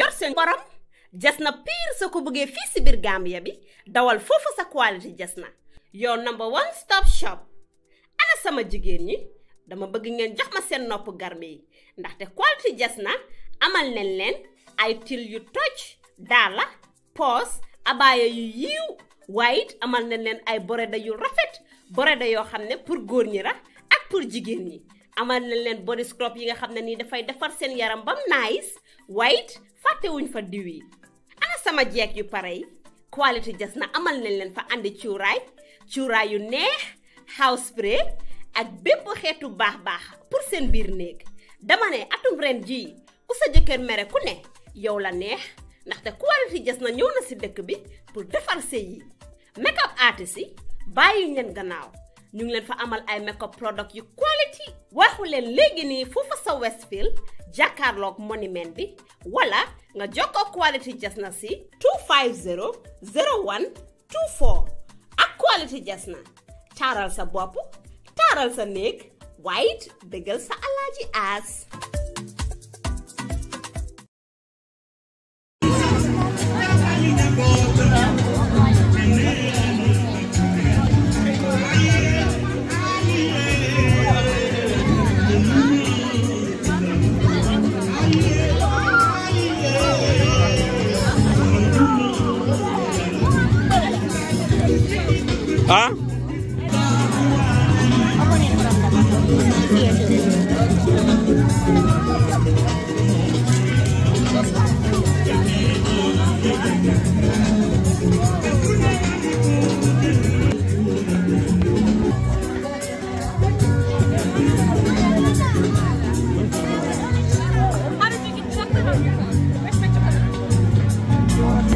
yor sen borom jas na pire soo ko bëggee Gambia bi dawal fofu sa quality jasna. yo your number one stop shop ana sama jigen ñi dama bëgg ngeen jox ma sen nopp garmi ndax té quality jasna, amal nañ len ay til yu toj dala poos abaya yu yiw white it amal nañ you ay boreda yu rafet boreda yo xam pour gor ñi ra ak pour jigen ñi amal nañ len body scrub yi nga xam ni da fay defar sen yaram bam nice waaye it fàttewuñ fa diw yi ana sama jeeg yu pare yi quality jas na amal nañ leen fa andi cuuraay cuuraay yu neex house spray ak bépp xeetu baax baax pour seen biir néeg dama ne atum ren jii ku sa jëkkër mere ku ne yow la neex ndaxte quality jas na ñëw na si dëkk bi pour defar sëy yi make up artist yi bàyyi leen gannaaw ñu ngi leen fa amal ay makeup product yu quality waxu leen léegi nii foofu sa Westfield jàkkaarloog monument bi wala nga jokkoo quality jasna si 250 01 24 ak quality jasna taaral sa bopp taaral sa néeg waaye it bégal sa alaaji aas Hah?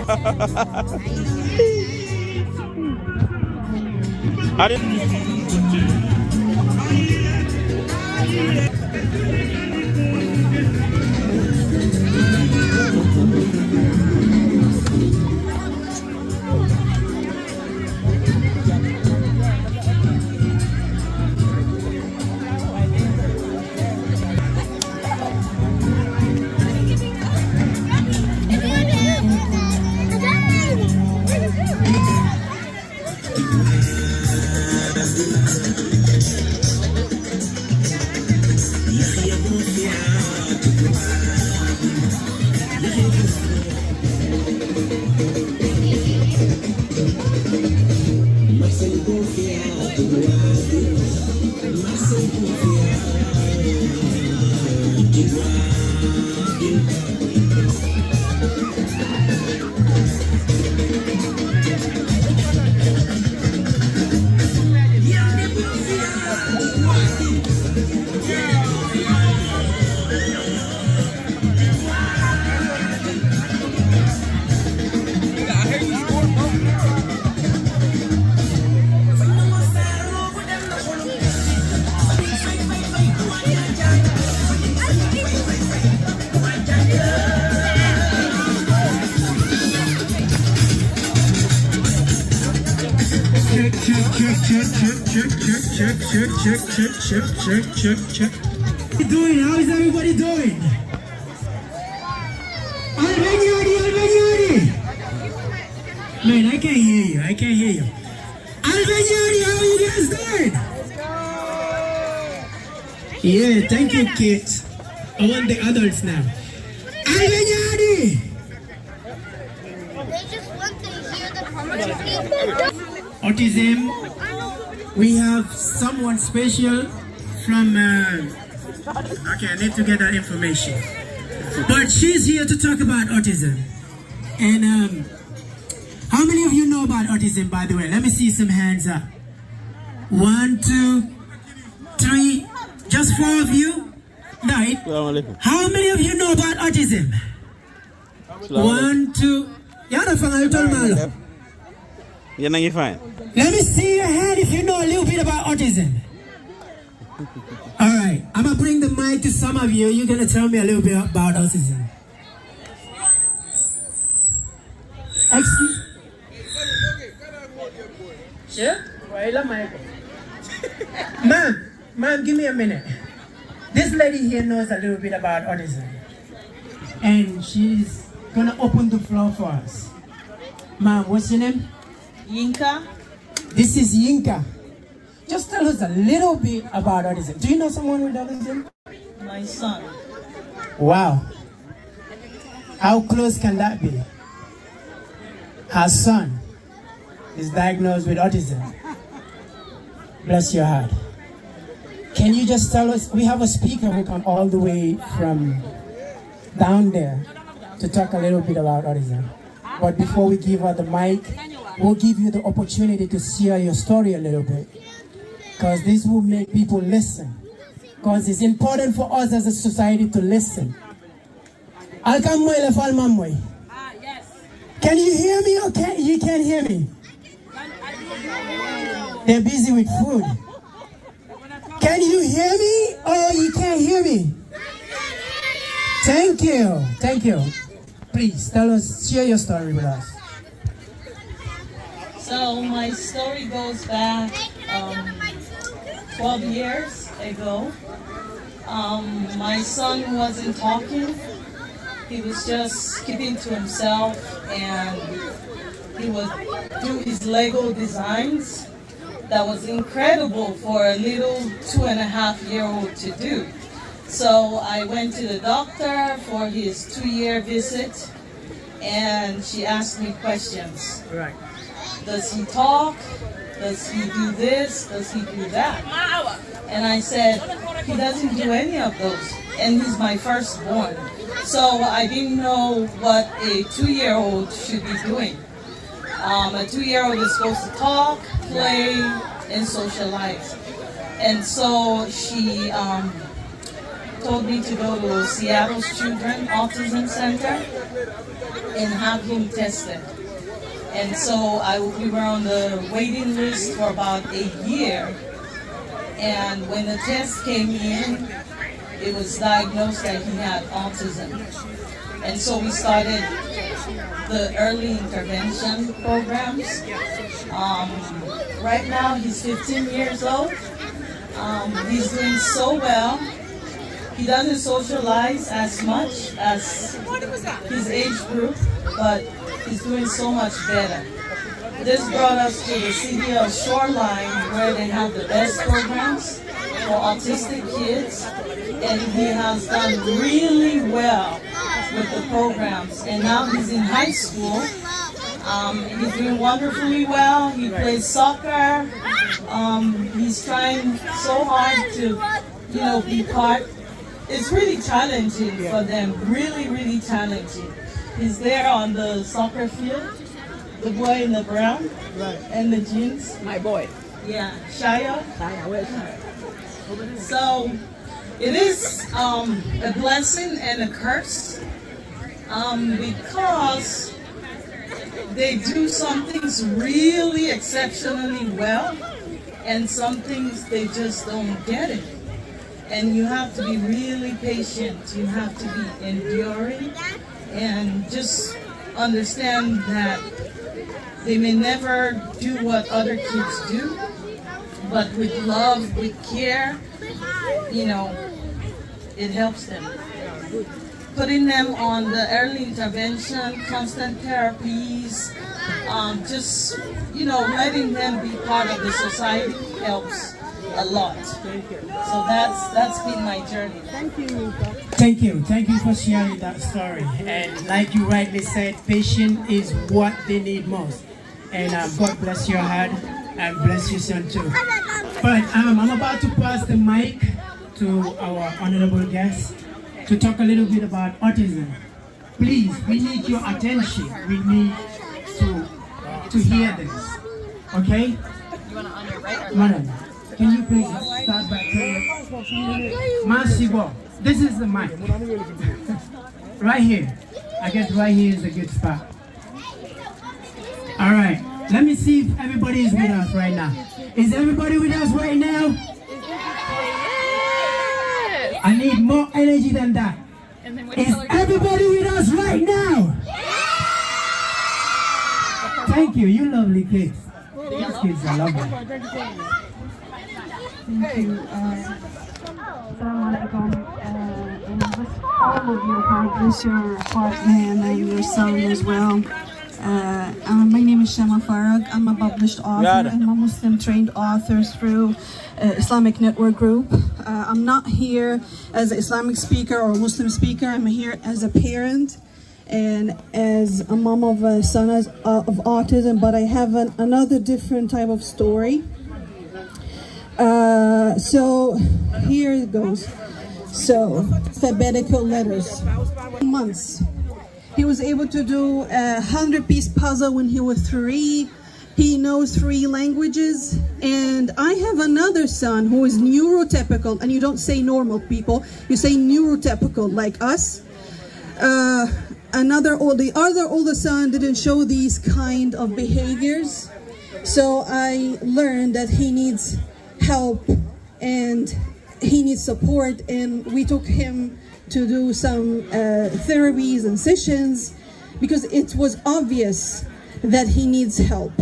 Ha ha ha ha ha! I didn't. check, check, check, check, check, check. How you doing? How is everybody doing? Already, already, already, already. Man, I can't hear you. I can't hear you. Already, already, how are you guys doing? Yeah, thank you, kids. I want the adults now. special from, uh, okay, I need to get that information. But she's here to talk about autism. And um, how many of you know about autism, by the way? Let me see some hands up. One, two, three, just four of you? Nine. How many of you know about autism? One, two. Yana fine, Let me see your hand if you know a little bit about autism. All right, I'm gonna bring the mic to some of you. You're gonna tell me a little bit about autism. Excuse. Yeah, Ma'am, ma'am, give me a minute. This lady here knows a little bit about autism, and she's gonna open the floor for us. Ma'am, what's your name? Yinka. This is Yinka. Just tell us a little bit about autism. Do you know someone with autism? My son. Wow. How close can that be? Her son is diagnosed with autism. Bless your heart. Can you just tell us, we have a speaker who come all the way from down there to talk a little bit about autism. But before we give her the mic, we'll give you the opportunity to share your story a little bit because this will make people listen. Because it's important for us as a society to listen. Can you hear me or can you can't hear me? They're busy with food. Can you hear me or oh, you can't hear me? Thank you. Thank you. Please tell us, share your story with us. So my story goes back um, 12 years ago. Um, my son wasn't talking. He was just keeping to himself and he would do his Lego designs. That was incredible for a little two and a half year old to do. So I went to the doctor for his two year visit and she asked me questions. Right. Does he talk? Does he do this? Does he do that? And I said, he doesn't do any of those. And he's my firstborn. So I didn't know what a two-year-old should be doing. Um, a two-year-old is supposed to talk, play, and socialize. And so she um, told me to go to Seattle's Children Autism Center and have him tested. And so I, we were on the waiting list for about a year. And when the test came in, it was diagnosed that he had autism. And so we started the early intervention programs. Um, right now he's 15 years old. Um, he's doing so well. He doesn't socialize as much as his age group, but is doing so much better. This brought us to the city of Shoreline where they have the best programs for autistic kids and he has done really well with the programs. And now he's in high school. Um, he's doing wonderfully well. He plays soccer. Um, he's trying so hard to, you know, be part. It's really challenging for them, really, really challenging. He's there on the soccer field. The boy in the brown. Right. And the jeans. My boy. Yeah. Shia. Shia, where's Shia? So it is um, a blessing and a curse um, because they do some things really exceptionally well and some things they just don't get it. And you have to be really patient. You have to be enduring and just understand that they may never do what other kids do, but with love, with care, you know, it helps them. Putting them on the early intervention, constant therapies, um, just, you know, letting them be part of the society helps a lot. So that's that's been my journey. Thank you, Thank you. Thank you for sharing that story. And like you rightly said, patience is what they need most. And um, God bless your heart and bless your son too. But um, I'm about to pass the mic to our honorable guest to talk a little bit about autism. Please, we need your attention. We need to, uh, to hear this. Okay? Madam, can you please start by saying, Masibo. This is the mic. right here. I guess right here is a good spot. All right. Let me see if everybody is with us right now. Is everybody with us right now? Yes. I need more energy than that. Is everybody with us right now? Yes. Thank you. You lovely kids. These kids are lovely. Thank you. Uh, all of your producer, partner, and your son as well. Uh, um, my name is Shema Farag. I'm a published author. I'm a Muslim trained author through uh, Islamic Network Group. Uh, I'm not here as an Islamic speaker or Muslim speaker. I'm here as a parent and as a mom of a son as, uh, of autism, but I have an, another different type of story. Uh, so here it goes. So, sabbatical letters. Months. He was able to do a 100-piece puzzle when he was three. He knows three languages. And I have another son who is neurotypical, and you don't say normal people, you say neurotypical, like us. Uh, another, the other older son didn't show these kind of behaviors. So I learned that he needs help and he needs support and we took him to do some uh, therapies and sessions because it was obvious that he needs help.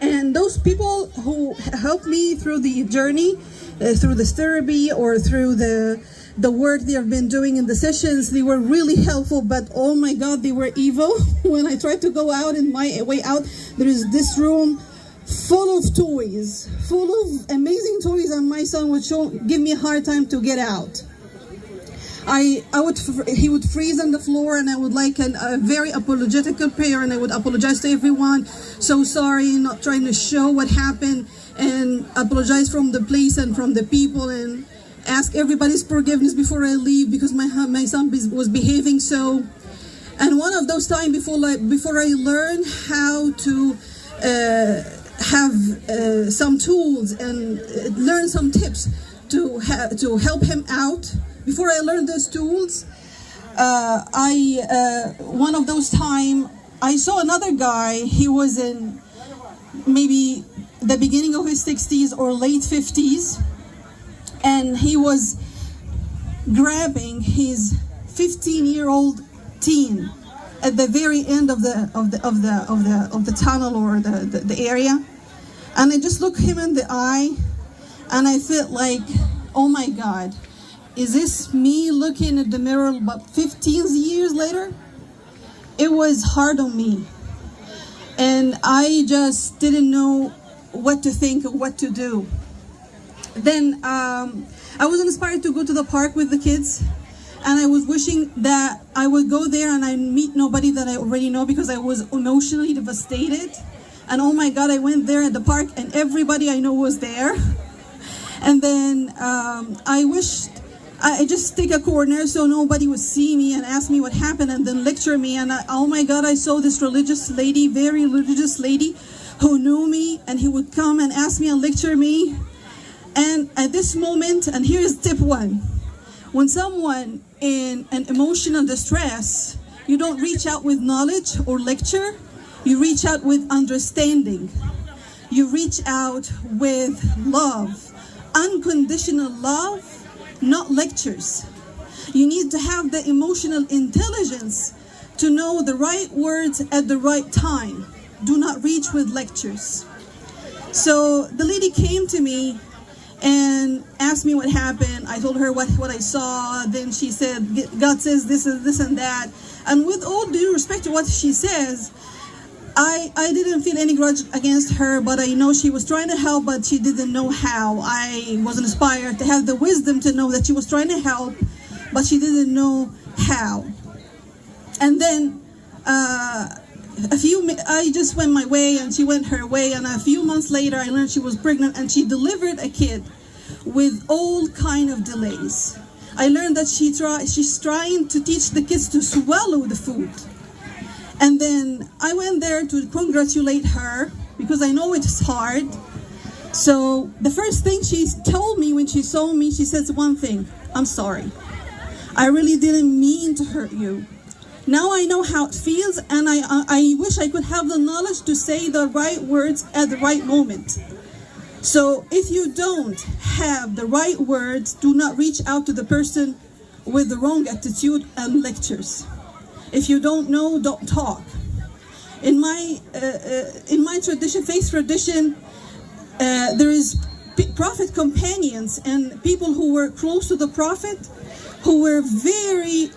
And those people who helped me through the journey, uh, through this therapy or through the the work they have been doing in the sessions, they were really helpful, but oh my God, they were evil. when I tried to go out and my way out, there is this room full of toys, full of amazing toys, and my son would show, give me a hard time to get out. I, I would, he would freeze on the floor, and I would like an, a very apologetic prayer, and I would apologize to everyone. So sorry, not trying to show what happened, and apologize from the place and from the people, and ask everybody's forgiveness before I leave because my my son was behaving so. And one of those times before, like, before I learned how to. Uh, have uh, some tools and uh, learn some tips to, to help him out. Before I learned those tools, uh, I uh, one of those time I saw another guy. He was in maybe the beginning of his 60s or late 50s, and he was grabbing his 15-year-old teen at the very end of the of the of the of the of the tunnel or the, the, the area and I just look him in the eye and I said, like, oh my God, is this me looking at the mirror about 15 years later? It was hard on me. And I just didn't know what to think or what to do. Then um, I was inspired to go to the park with the kids and I was wishing that I would go there and I meet nobody that I already know because I was emotionally devastated. And oh my God, I went there at the park and everybody I know was there. And then um, I wished I just take a corner so nobody would see me and ask me what happened and then lecture me. And I, uh, oh my God, I saw this religious lady, very religious lady who knew me and he would come and ask me and lecture me. And at this moment, and here is tip one. When someone in an emotional distress, you don't reach out with knowledge or lecture, you reach out with understanding. You reach out with love, unconditional love, not lectures. You need to have the emotional intelligence to know the right words at the right time. Do not reach with lectures. So the lady came to me and asked me what happened. I told her what, what I saw. Then she said, God says this and this and that. And with all due respect to what she says, I, I didn't feel any grudge against her, but I know she was trying to help, but she didn't know how. I was inspired to have the wisdom to know that she was trying to help, but she didn't know how. And then uh, a few, I just went my way and she went her way. And a few months later, I learned she was pregnant and she delivered a kid with all kind of delays. I learned that she try, she's trying to teach the kids to swallow the food. And then I went there to congratulate her because I know it's hard. So the first thing she told me when she saw me, she says one thing, I'm sorry. I really didn't mean to hurt you. Now I know how it feels and I, I wish I could have the knowledge to say the right words at the right moment. So if you don't have the right words, do not reach out to the person with the wrong attitude and lectures. If you don't know, don't talk. In my, uh, uh, in my tradition, faith tradition, uh, there is prophet companions and people who were close to the prophet who were very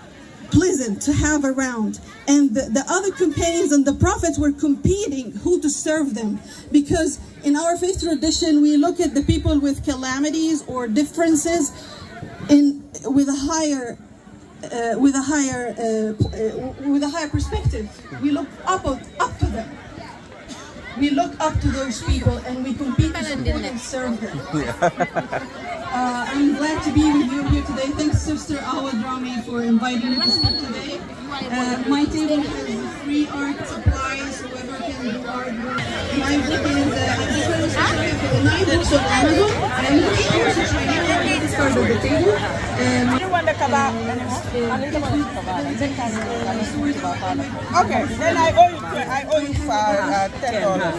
pleasant to have around and the, the, other companions and the prophets were competing who to serve them because in our faith tradition we look at the people with calamities or differences in with a higher uh, with a higher uh, uh, with a higher perspective. We look up up to them. We look up to those people and we compete to support and serve them. Uh, I'm glad to be with you here today. Thanks, Sister Awadrami, for inviting me to speak today. Uh, my table has free art supplies. My book is in the Amazon for nine books on Amazon. I'm looking also of to read this part of the table. Um, okay, then I owe you, I owe you for uh, ten dollars,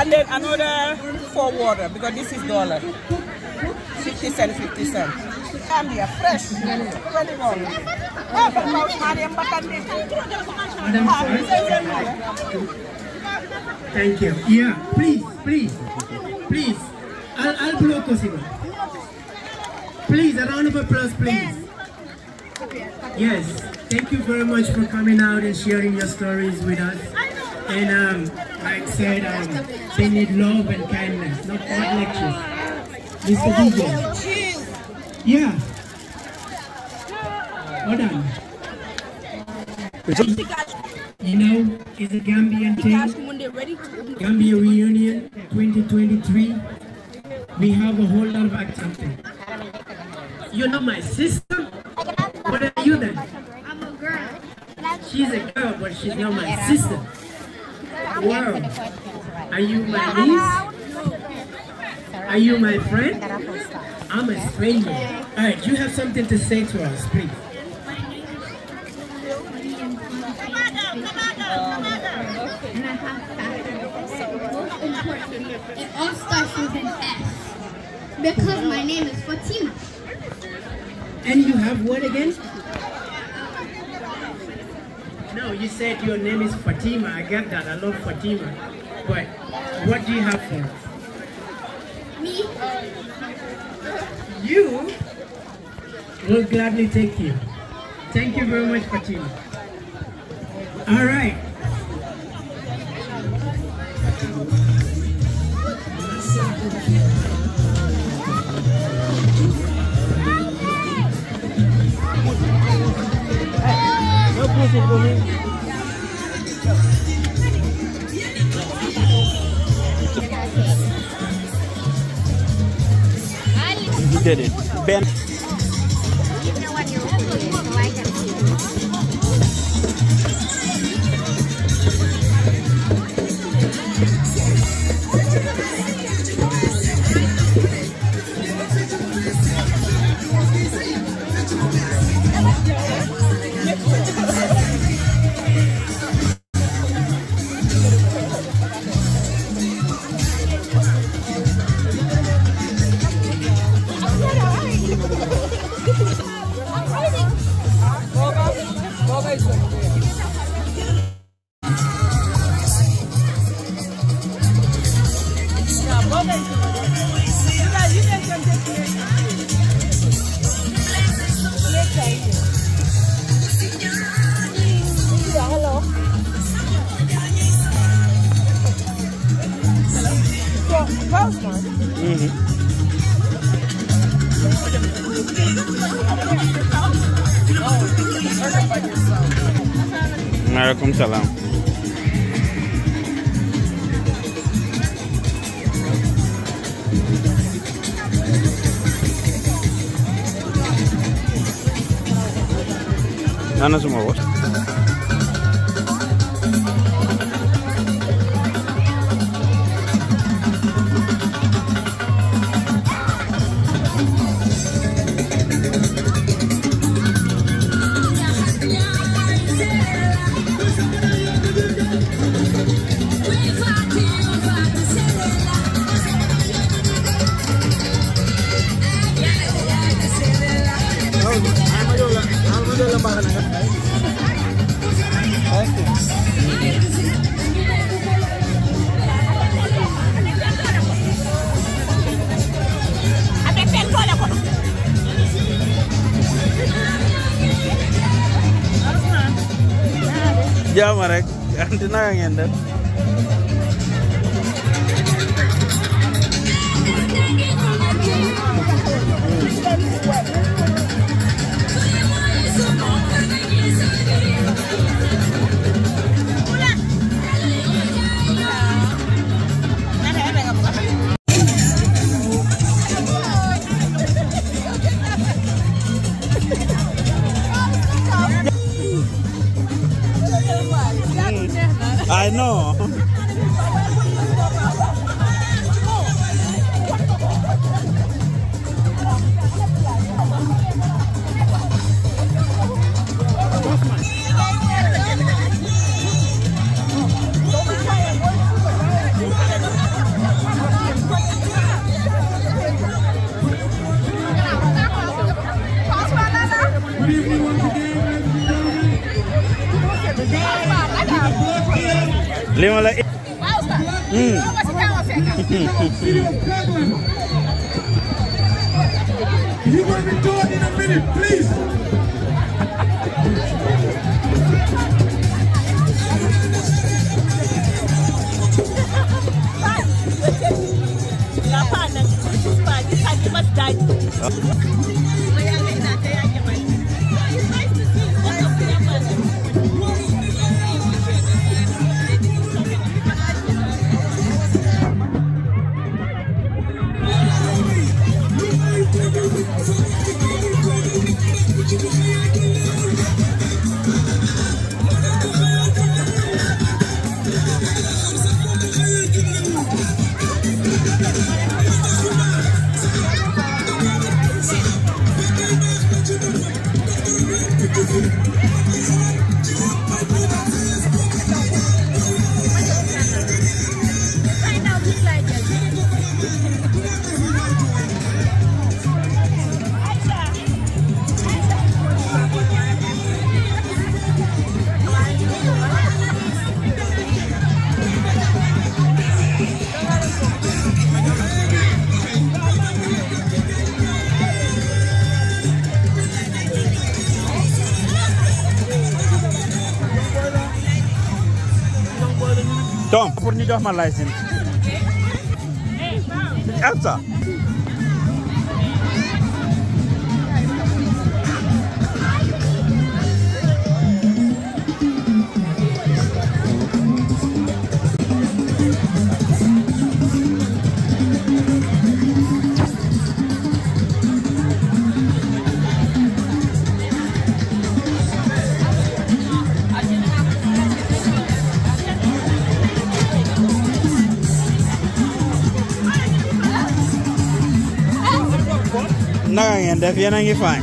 and then another for water because this is dollar, fifty cent, fifty cent. Gambia fresh, twenty oh, dollars. Ah, but now Mariam Bakandi. Thank you. Yeah, please, please, please. I'll, I'll blow Cosimo. Please, a round of applause, please. Yes, thank you very much for coming out and sharing your stories with us. And um, like said, um, they need love and kindness, not bad lectures. Mr. DJ. Yeah. Well done. You know, it's a Gambian thing. Gambia Reunion 2023. We have a whole lot of activity. You're not my sister? What are you then? I'm a girl. She's a girl, but she's not my sister. Wow. Are you my niece? Are you my friend? I'm a stranger. All right, you have something to say to us, please. And I have fashion. Most it all starts with an S. Because my name is Fatima. And you have what again? No, you said your name is Fatima. I get that. I love Fatima. But what do you have for Me? You? will gladly take you. Thank you very much, Fatima. All right. He did it. Ben. jox ma license. Elsa. ngeen def yéen a ngi faañ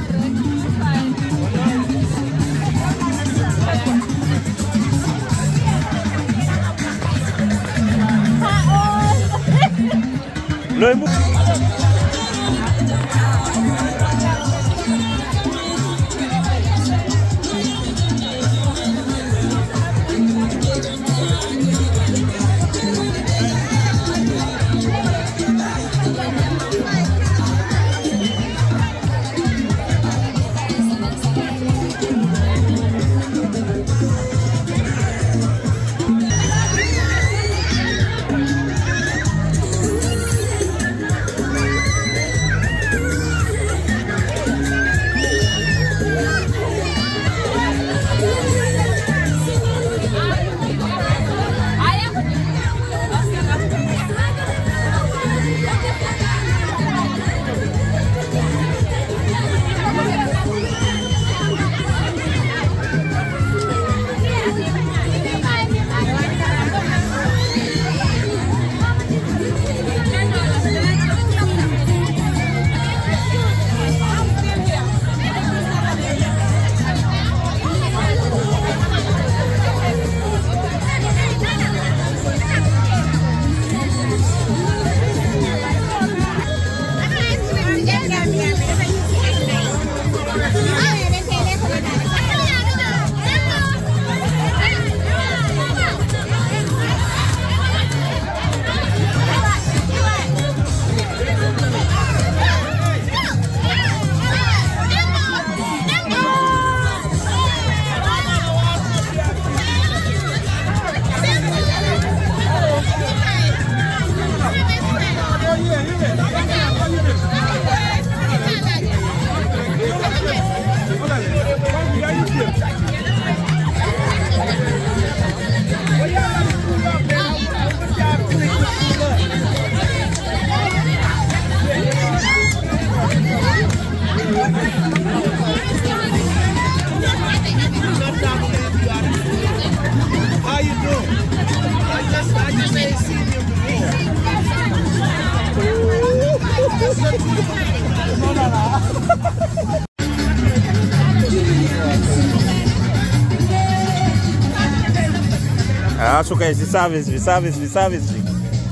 kaso kay si service bi service service bi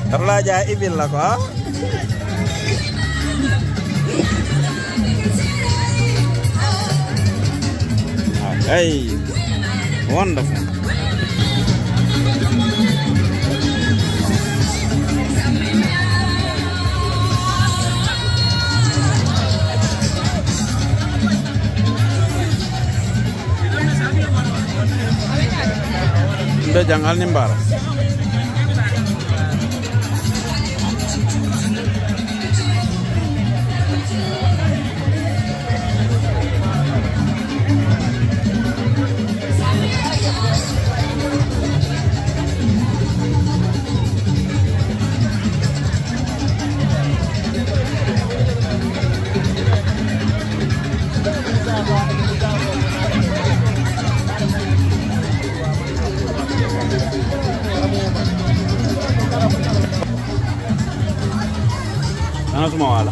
daf laa hey wonderful Jangan jangal खाना समा वाला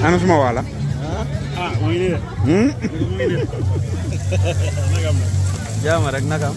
खाना समा वाला हम्म जा मरगना काम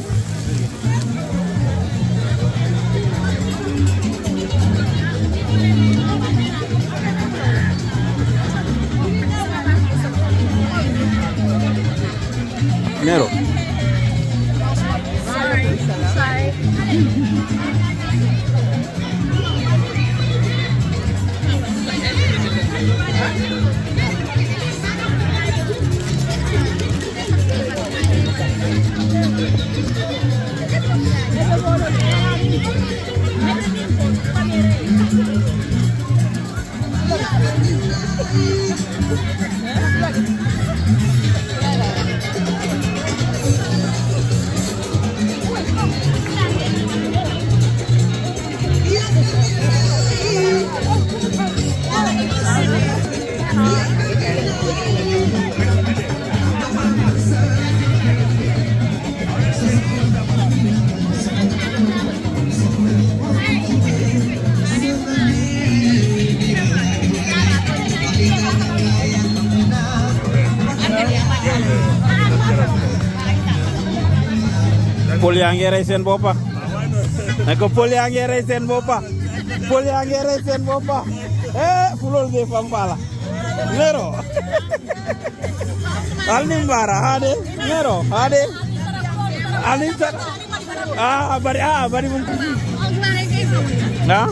dinero. yang rey seen Bopa. ne ko poli ange rey Bopa. boppa poli ange rey seen eh pulul be pampala. nero Alim bara hade nero hade Alim sar. ah bari ah bari mun Nah.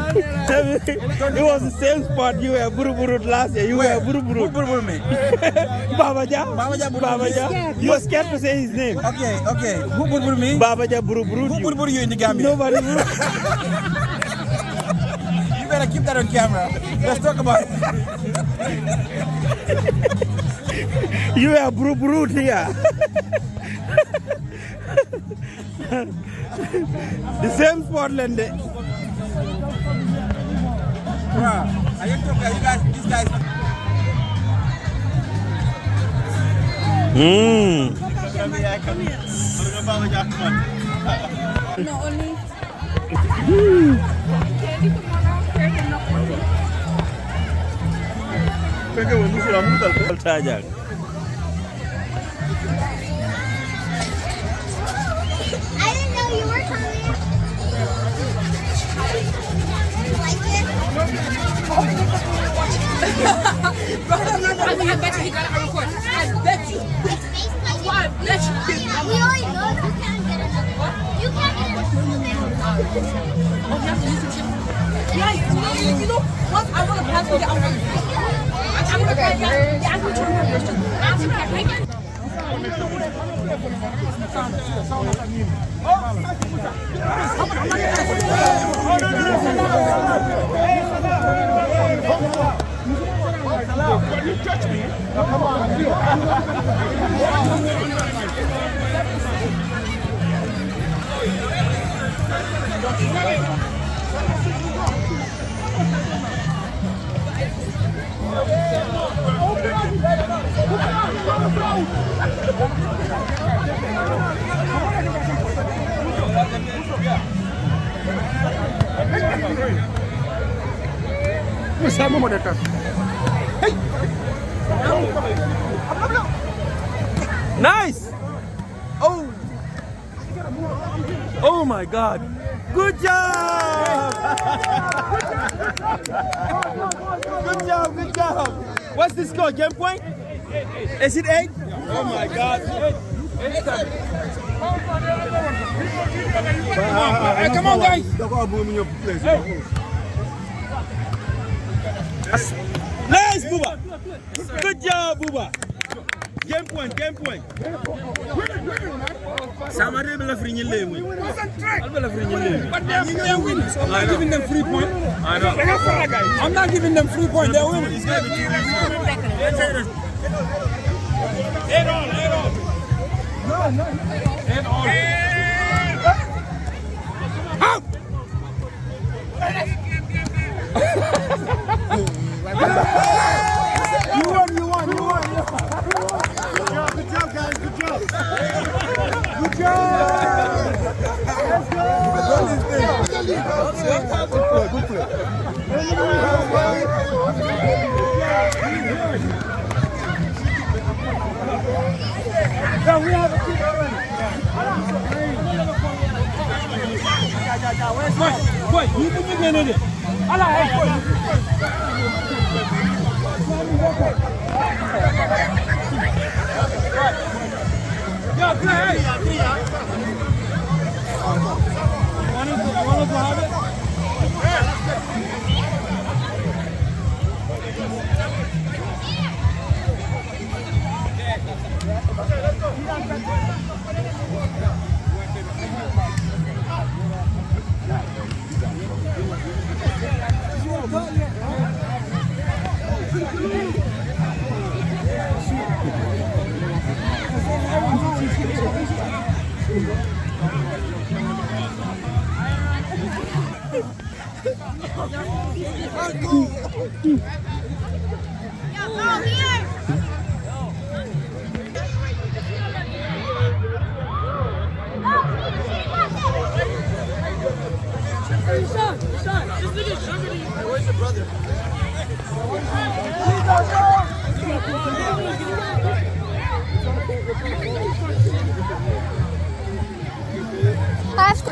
it was the same spot you were buruburut last year. You Where? were buruburut. Buruburut me. Babaja. Babaja Babaja. You were scared to say his name. Okay, okay. Who buruburu me? Babaja buruburut. Who buruburut you in the Gambia? Nobody. you better keep that on camera. Let's talk about it. you are buruburut here. the same spot, Lende. Bruh, I didn't talk you guys, these guys. Hmm. only. I, I bet you he got it record. I bet you. Why? Let you. We already know you can't get another one. You can't get another one. Oh, you have to listen to him. Yeah, you know, you know, what? I want to pass it, I'm going to pass it. I'm going to pass it. Yeah, I'm going to turn my wrist. I'm going to pass it. You touch me. Oh, come on. Open up! Open up! Open up! Misa mo muna ka. Hey! Nice! Oh! Oh my god! Good job! good job, good job! What's this score? Game point? Is it eight? Oh my god! Come on, guys. Nice, Booba. Good job, Booba. Game point, game point. Sama dia bela free nyele we. Alba la free nyele. But they are winning. I'm not giving them free point. I know. I'm not giving them free point. They're winning. It's gonna and on. And out. you won, you won, you won. Good job, good job, guys, good job. Good job. Let's go. Good play, good play. Good play. No, we have a keep running. Wait, wait, you can get in it. I like it. Yeah, good. Hey, you want to go have it? Yeah, let's go. t h a k you.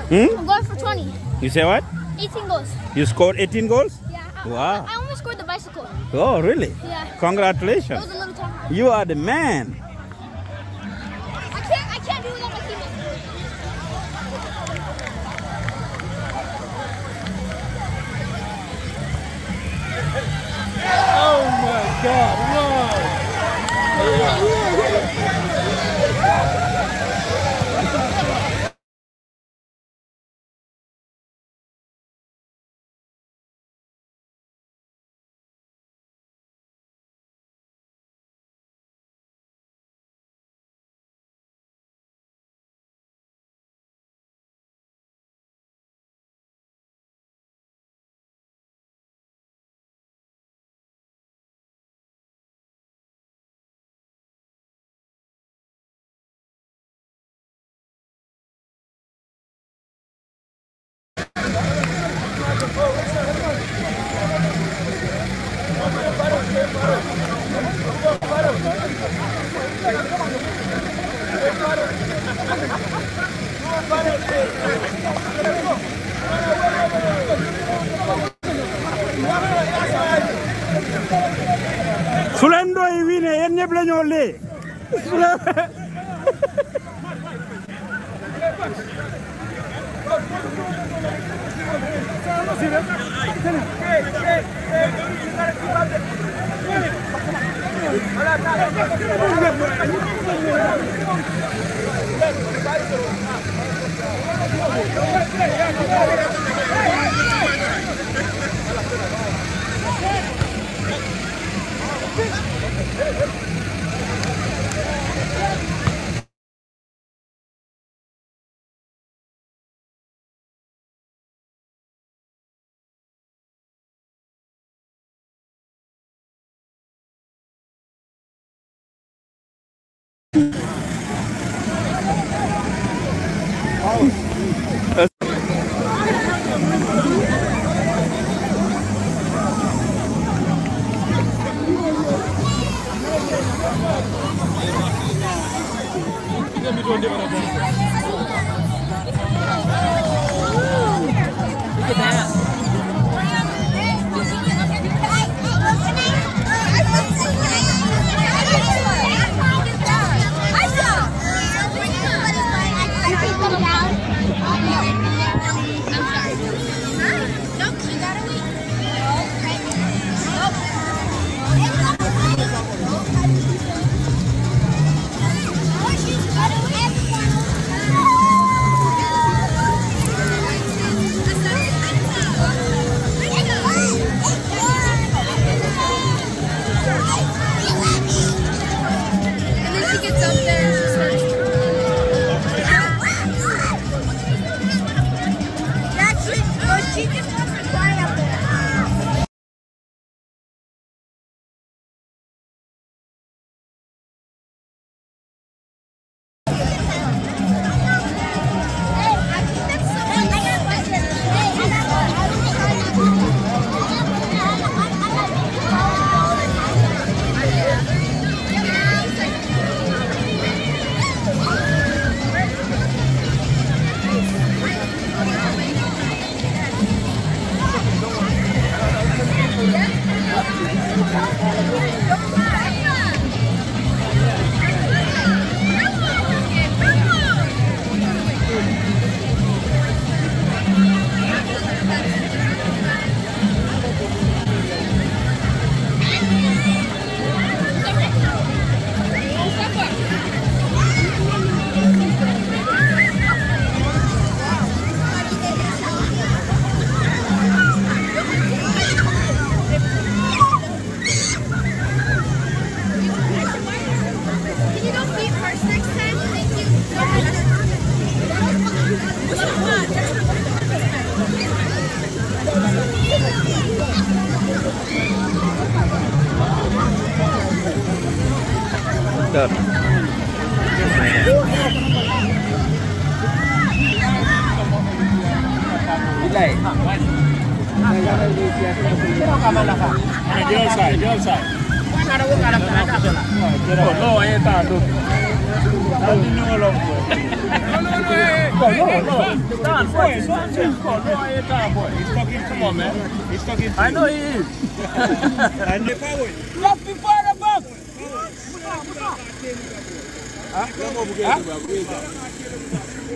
Hmm? I'm going for 20. You say what? 18 goals. You scored 18 goals? Yeah. I, wow. I, I only scored the bicycle. Oh, really? Yeah. Congratulations. You are the man. God.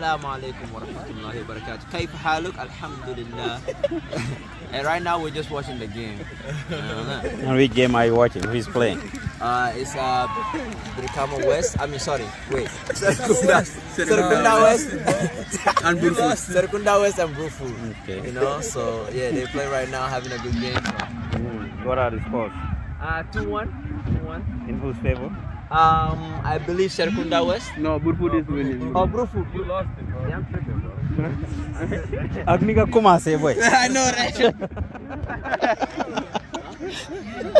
Assalamu alaikum warahmatullahi wabarakatuh. wa barakatuh. Kaif haluk? Alhamdulillah. and right now we're just watching the game. Uh-huh. and which game are you watching? Who's playing? Uh, it's uh, Brikama West. I mean, sorry, wait. Serkunda, West. Serkunda West. and Brufu. Serkunda West and Brufu. Okay. You know, so yeah, they play right now, having a good game. So. Mm. What are the scores? Uh, 2 1. 2 1. In whose favor? Um, I believe Serkunda hmm. West. No, Burfood is winning. Oh, Burfood. You lost it. Bro. Yeah, Agnika Kumase, boy. I know, right?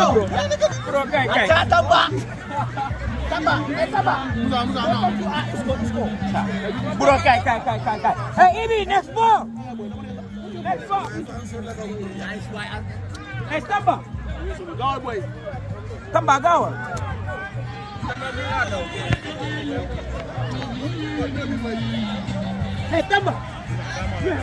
Oh, bro. Bro, kai kai. Ta taba. Taba, eh taba. Musa, Musa, no. Isko, isko. Ah, bro, kai kai kai kai kai. Hey, Ibi, next ball. Next ball. Hey, taba. Go boy. Taba gawa. Hey, taba. Yeah.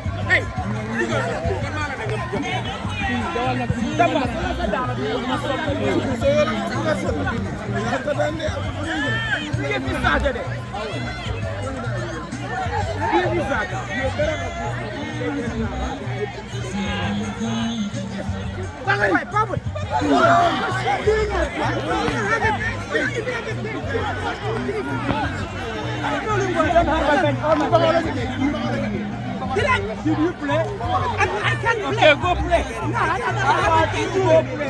Hey, you go. Tambah, dia bisa aja deh. Dia bisa aja. Bangun, bangun. Bangun, it did you play? I, I can play. Okay, go play. No, I,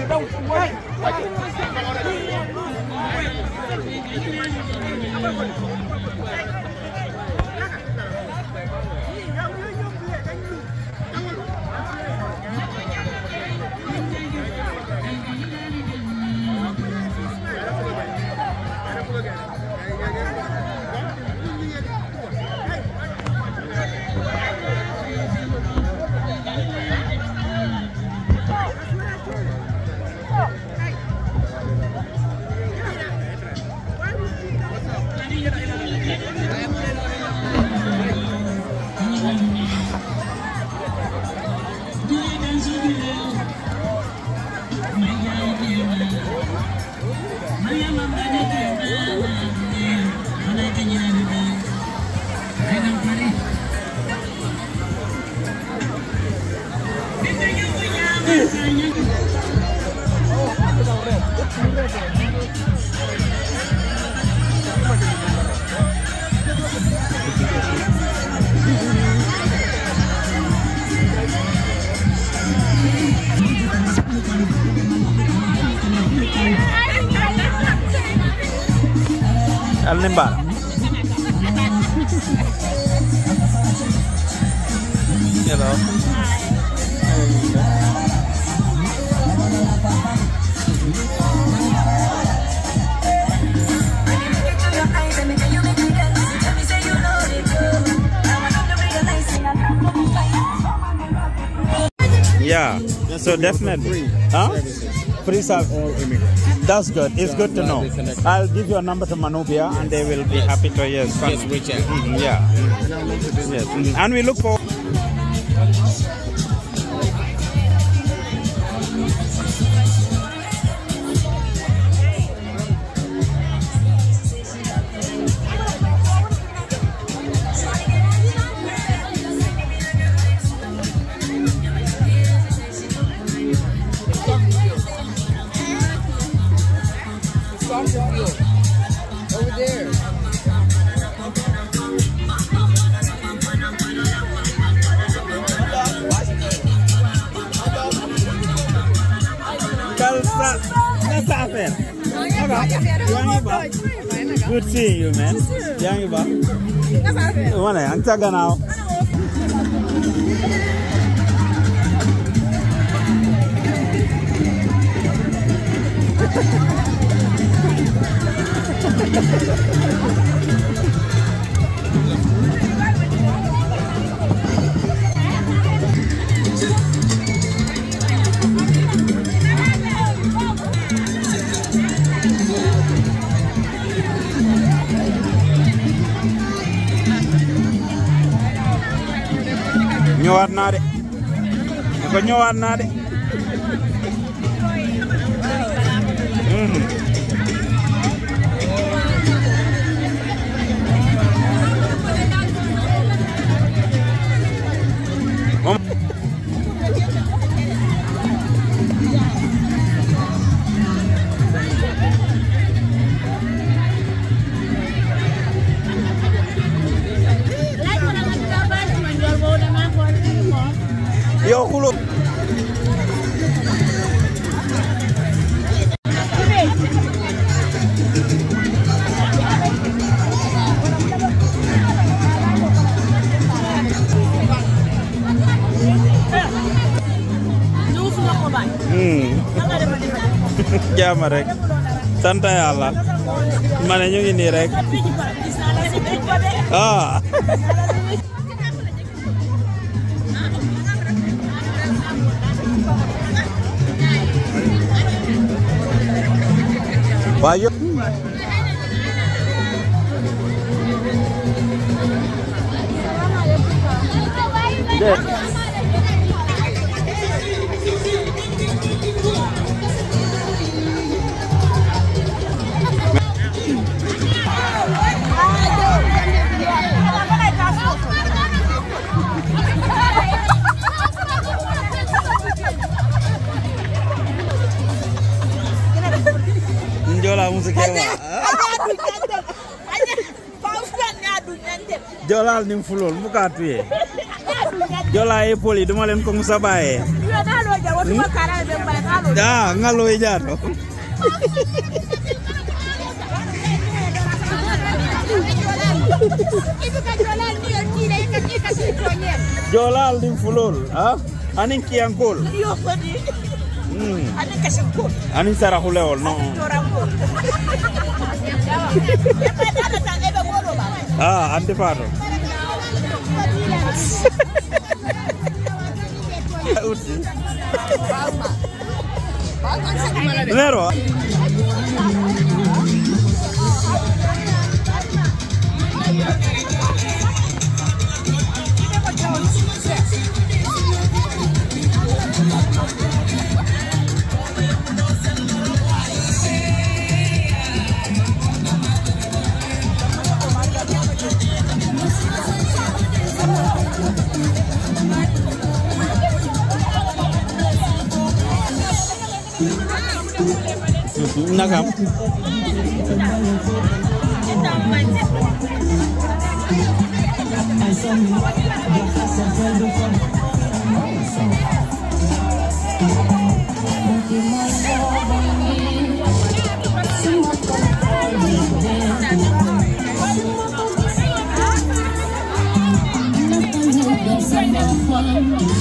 don't to play. Don't worry. definitely. Huh? Free service. All immigrants. That's good. It's good to know. I'll give your number to Manubia and they will be happy to yes. Yes, we mm-hmm. Yeah. Yes. Mm-hmm. And we look forward. soccer field over there. let stop it. Good seeing you, man. Young Iba. One, I'm talking now. ñëwaat naa de ko ñëwaat naa de Ayo kulo. jaama rek sant rek ah Yes. Jola musique Jola nim fulol mu ka jola e poli duma len ko musa baye da ngalo ya, e jato ya, jolal din fulol ha ¿ah? anin kiyankol yo fodi mm. anin kasinkol anin sarahulewol no ah ante faro Lero. นะครับ Thank you.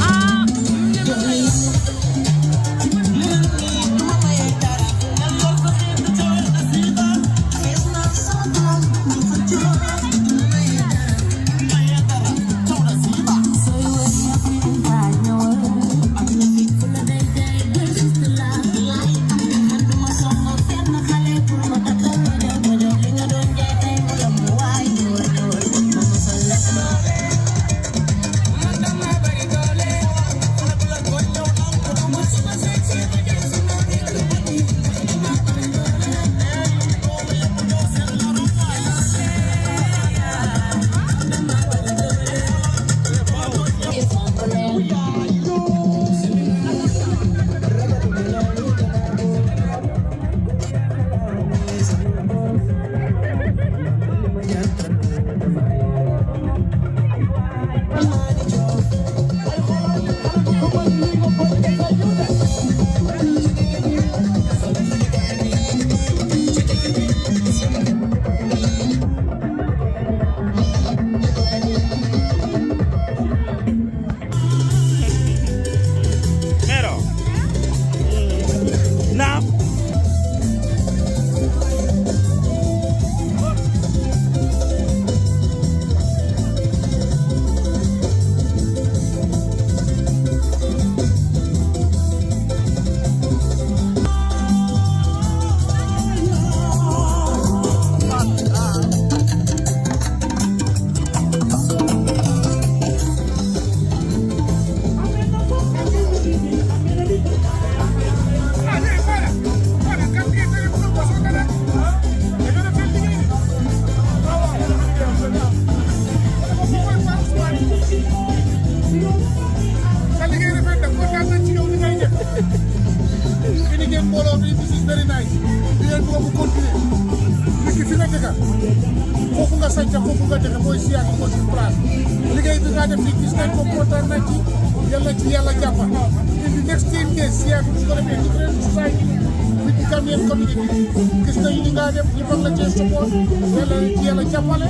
Gambian community gis nañu li nga def ñu bëgg la cee support yàlla yàlla jàppale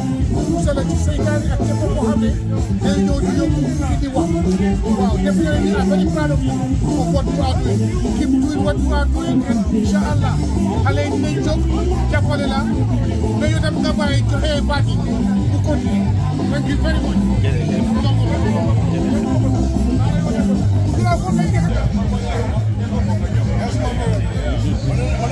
musal la ci seytaane ak képp koo xam ne day ñëw di yóbbu di di wax waaw def na ni a very proud of you of what you are doing keep doing what you are doing and incha allah xale yi dinañ jóg jàppale la ba yow tam nga bàyyi joxe baat yi bu continuer thank you very much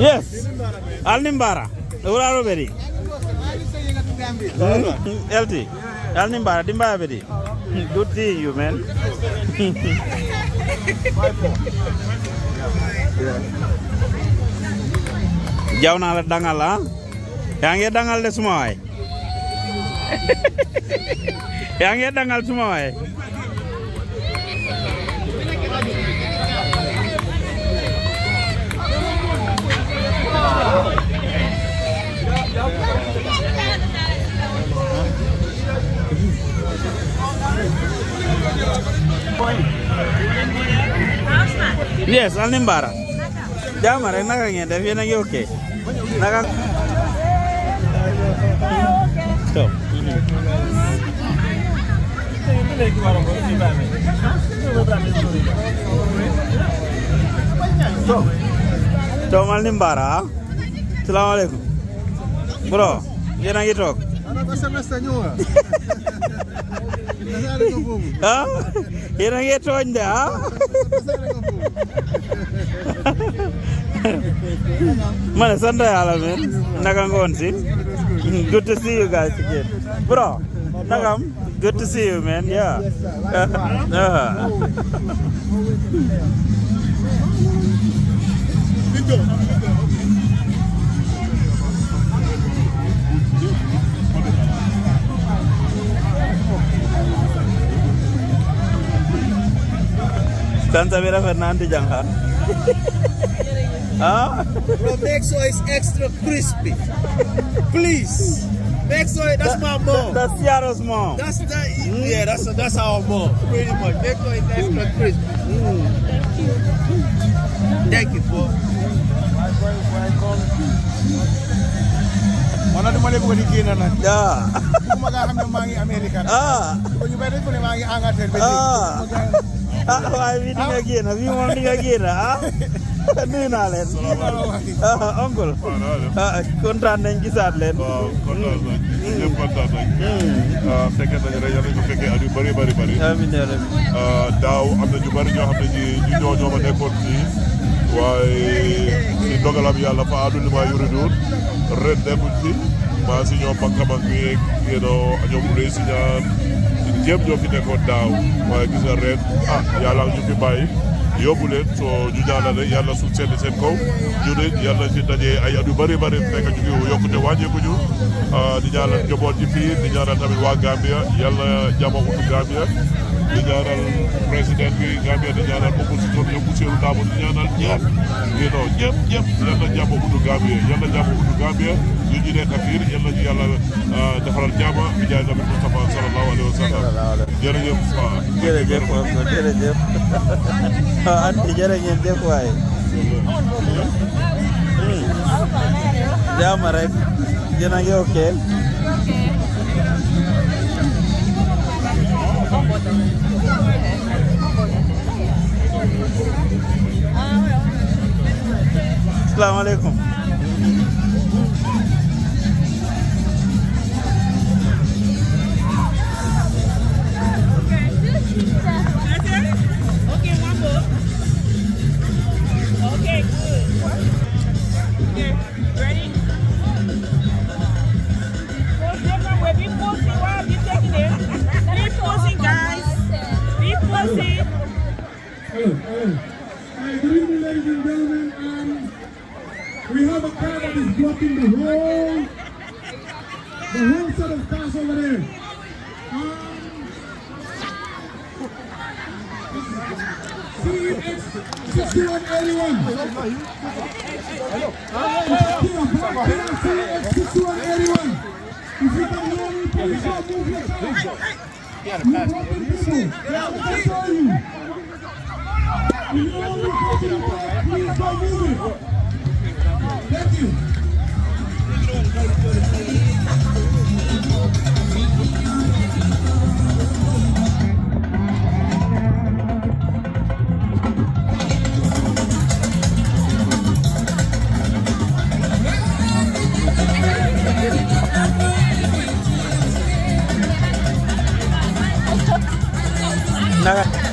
Yes. Alnimbara. Uraro beri. LT. Alnimbara. Dimbaya beri. Good seeing you, man. yeah. Jauh nalar dangal lah, yang ngi dangal deh semua yang ya dangal suma waay Yes, Alimbara. Jamar, enak ngeen def yéen oke. okay nah kan tuh ini Cok, Bro, yena ngi tok. Ana ko semester Hah. Ah, yena ngi toñ de Man, Sunday alamin, man. Nakangonsi. Good to see you guys again. Bro, Nakam, good to see you, man. Yeah. Vera saya rafernanti jangan. Huh? Bro, make sure extra crispy. Please. Make that's that, my mom. That, that's Seattle's mom. That's that. Mm. Yeah, that's that's our mom. Pretty much. Make is extra mm. crispy. Mm. Thank you. Thank you, bro. Mana tu malay bukan ikin anak. Dah. Kumaga kami mangi Amerika. Ah. Kunyuberit pun mangi in terbeli. Ah. ah waaye bii di nga génn moom di nga génn ah nuyu naa leen. salaamaaleykum ah, oncle. ah gisaat leen. waaw kontaan nañ hmm. ñëpp kontaan nañ. Hmm. Ah, fekkee nañ rajo nañ ko fekkee at yu bëri bëri ah, daaw am na ñu bëri ñoo xam ma nekkoon fii waaye si dogalam yàlla fa àdduna li ma yuridu ren nekkul si maa si ñoom banque banque yeeg yéen a ñoom Louga si yëpp ñoo fi nekkoon daaw waaye gis nga ren ah yàlla ñu fi bàyyi yóbbu leen soo ñu ñaanal yàlla suuf seen seen kow ñu ne yàlla si dajee ay at yu bëri bëri fekk ñu ngi yokkute wàññeeku ñu ah, di ñaanal njaboot yi fii di ñaanal tamit waa Gambia yàlla jàmm utu Gambia di ñaanal président bi Gambia di ñaanal opposition yëpp Ousseynou Dabo di ñaanal ñëpp. yéen a ñëpp ñëpp yàlla jàmm utu Gambia yàlla jàmm utu Gambia. jiji de kafir yalla ji yalla defaral jama bi jaay nabi Jalan sallallahu alaihi Jalan jërëjëf jërëjëf jërëjëf anti jërëjëf def waay jama rek dina ngi okay Assalamu of the car that is blocking the whole, the whole set of cars over there. CX6181. Um, CX6181. If you can hear me, please help move your car. You're blocking people. That's all you. If you don't move your car, please don't move it. 来。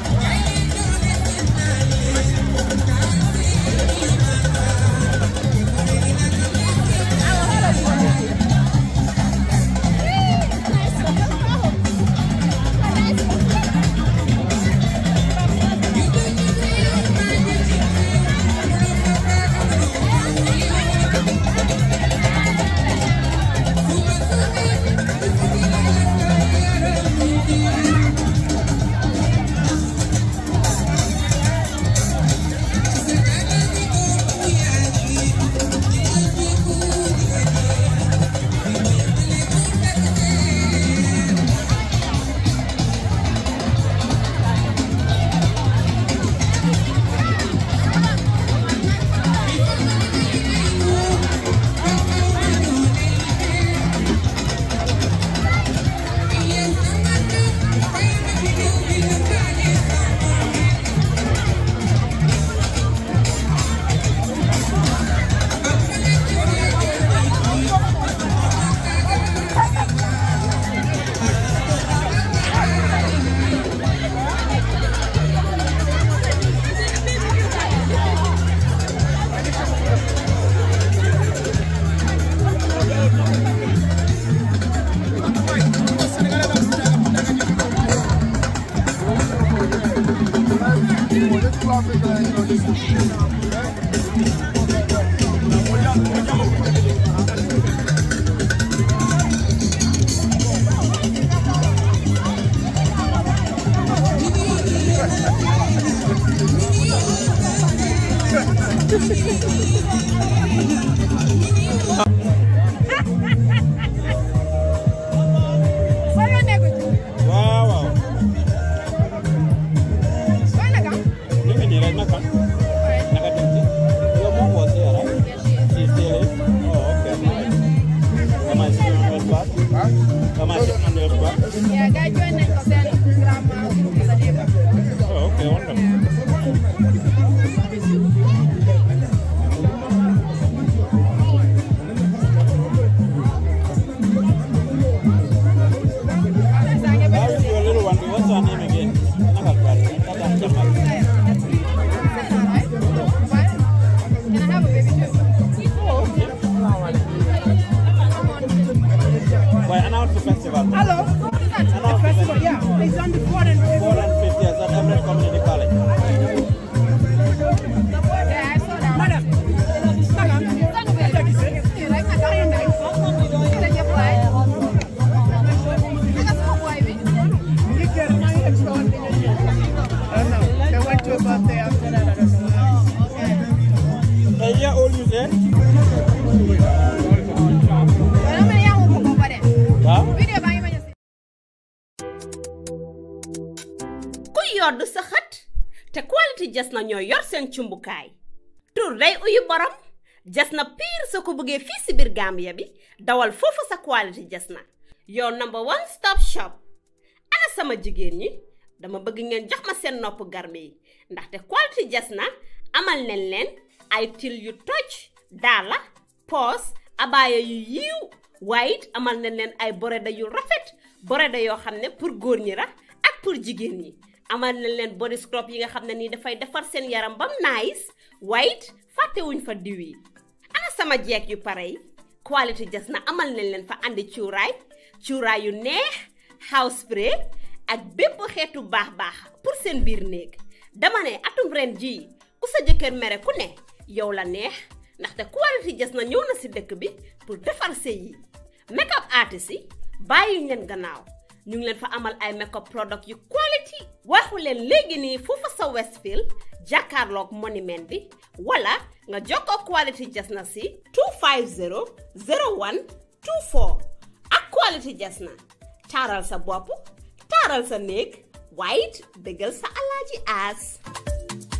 na ñoo yor seen cumbukaay tur day uyu borom jas na piir soo ko bëggee fii si biir Gambia bi dawal foofu sa quality jas na your number one stop shop ana sama jigéen ñi dama bëgg ngeen jox ma seen nopp garme yi ndaxte quality jas na amal nañ leen ay til yu toj daala poos abaaya yu yiiw waaye amal nañ leen ay boreda yu rafet boreda yoo xam ne pour góor ñi la ak pour jigéen ñi amal nañ leen body scrub yi nga xam ne nii dafay defar seen yaram bam nice white fàttewuñ fa diw yi ana sama jeeg yu pare yi quality jas na amal nañ leen fa andi cuuraay cuuraay yu neex house spray ak bépp xeetu baax baax pour seen biir néeg dama ne atum ren jii ku sa jëkkër mere ku ne yow la neex ndaxte quality jas na ñëw na si dëkk bi pour defar sëy yi make up artist yi bàyyi leen gannaaw ñu ngi leen fa amal ay makeup product yu quality waxu leen léegi nii foofu sa Westfield jàkkaarloog monument bi wala nga jokkoo quality jas na si 250 01 24 ak quality jas na taaral sa bopp taaral sa néeg waaye it dëggal sa alaaji aas